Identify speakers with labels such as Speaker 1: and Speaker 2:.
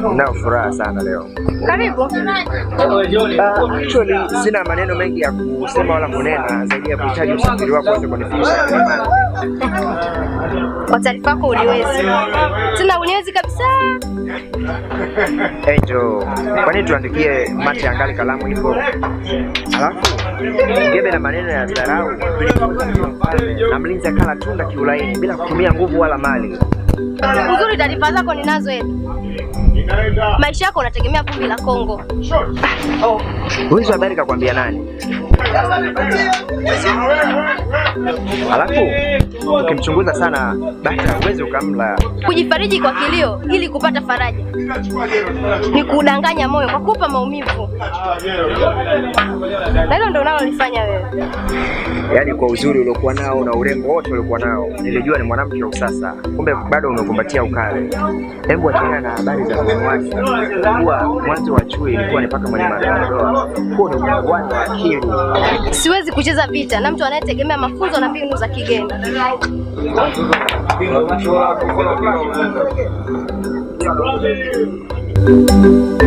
Speaker 1: Nao furaha sana leo. Karibu. Uh, actually sina maneno mengi ya kusema wala kunena zaidi ya kuhitaji usafiri wako weze kunifikisha Kilimani.
Speaker 2: Ah. Kwa taarifa yako uniwezi Sina uniwezi kabisa.
Speaker 1: Angel, kwani tuandikie mate angali kalamu ipo, alafu gebe na maneno ya dharau na mlinzi akala tunda kiulaini bila kutumia nguvu wala mali.
Speaker 2: Uzuri taarifa zako ninazo eti maisha yako unategemea vumbi la Kongo.
Speaker 1: Ah, oh. Huyu habari kakwambia nani? Alafu ukimchunguza sana bata uwezi ukamla.
Speaker 2: Kujifariji kwa kilio ili kupata faraja ni kudanganya moyo kwa kupa maumivu, na hilo ndo unalolifanya wewe.
Speaker 1: Yaani kwa uzuri uliokuwa nao na urembo wote uliokuwa nao, nilijua ni mwanamke wa usasa, kumbe bado umekumbatia ukale. Hebu achana na habari za wanawake kuwa mwanzo wa chui ilikuwa ni paka mwenye madoadoa. Huo ni wa akili.
Speaker 2: Siwezi kucheza vita na mtu anayetegemea mafunzo na mbinu za kigeni.